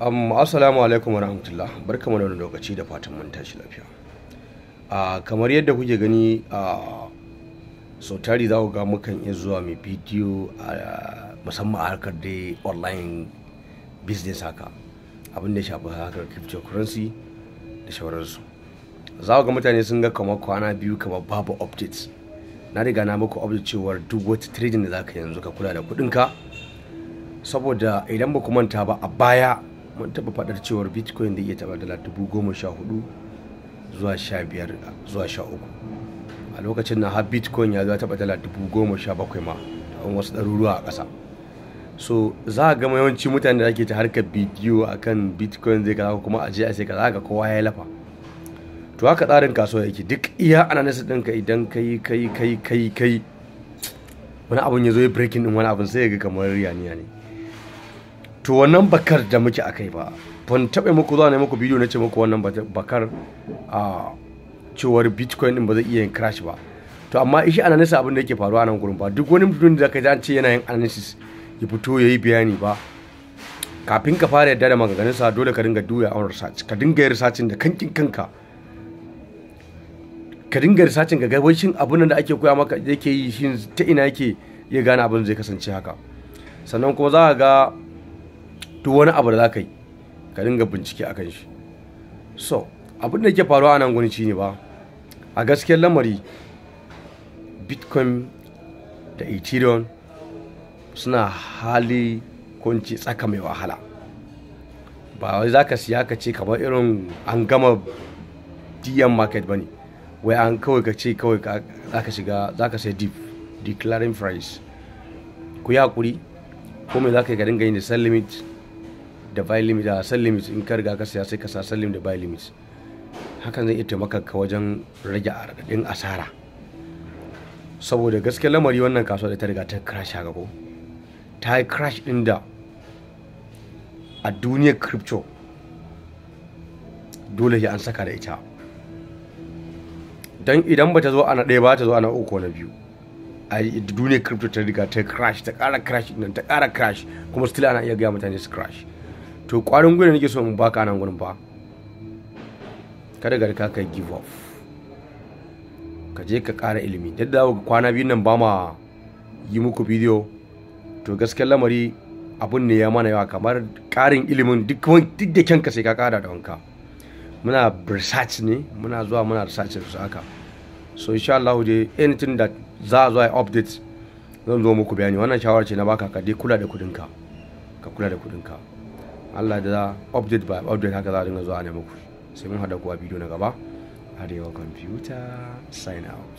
assalamu alaikum warahmatullah barkamu da wani lokaci da fatan mun tashi lafiya a kamar yadda kuke gani a sautari tari za ku ga mukan iya zuwa mai bidiyo a musamman a harkar da online business haka abin da shafi harkar cryptocurrency da shawararsu za ku ga mutane sun ga kamar kwana biyu kamar babu updates na riga na muku update cewar duk wata trading da za ka yanzu ka kula da kuɗinka saboda idan ba ku manta ba a baya mun taɓa faɗar cewar bitcoin da iya taɓa dala dubu goma sha hudu zuwa sha biyar zuwa sha uku a lokacin na har bitcoin ya zuwa taɓa dala dubu goma sha bakwai ma an wasu ɗaruruwa a ƙasa so za a gama yawanci mutane da ake ta harkar bidiyo kan bitcoin zai kaza kuma a je a sai kaza ga kowa ya lafa to haka tsarin kasuwa yake duk iya ana nasa ɗinka idan kai kai kai kai kai wani abun ya zo ya breaking din wani abun sai ya ga kamar riyaniya ne to wannan bakar da muke akai ba ban taɓa muku zuwa ne muku bidiyo na ce muku wannan bakar a cewar bitcoin din ba zai iya yin crash ba to amma ishi analysis abin da yake faruwa nan gurin ba duk wani mutum da kai ce yana yin analysis ya fito ya yi bayani ba kafin ka fara yadda da maganganun sa dole ka dinga duya on research ka dinga yin researching da kankin kanka ka dinga researching ga abun abin da ake koya maka yake yi shin ta ina yake ya gane abin zai kasance haka sannan kuma za ka ga duk wani abu da za ka yi ka dinga bincike a kan shi so abin da ke faruwa a nan gwani ne ba a gaskiyar lamari bitcoin da ethereum suna hali kunci tsaka mai wahala ba wai za ka siya ka ce kamar irin an gama dm market ba ne wai an kawai ka ce kawai za ka shiga za ka sai deep declaring price ku yi hakuri ko mai za ka yi ga dinga yin da sell limit da by limit da sell limit in ka riga ka siya sai ka sa sell limit da by limit hakan zai iya taimaka ka wajen rage raɗaɗin asara saboda gaske lamari wannan kasuwa da ta riga ta crash haka ko ta yi crash ɗin da a duniyar crypto dole ya an saka da ita don idan ba ta zo ana ɗaya ba ta zo ana uku na biyu a duniyar crypto ta riga ta crash ta ƙara crash din ta ƙara crash kuma still ana iya gaya mutane su crash to kwarin gwiwa nake so in baka nan gurin fa kada garka ka give up ka je ka ƙara ilimi da kwana biyu nan ba ma yi muku bidiyo to gaskiyar lamari abun ne ya mana yawa kamar karin ilimin duk da kyanka sai ka kara da wanka muna research ne muna zuwa muna research su haka so insha Allah dai anything da za a zo ai update zan zo muku bayani wannan shawara ce na baka ka dai kula da kudinka ka kula da kudinka Allah da za update ba update haka za a dinga zuwa ne muku sai mun hada kuwa bidiyo na gaba arewa computer sign out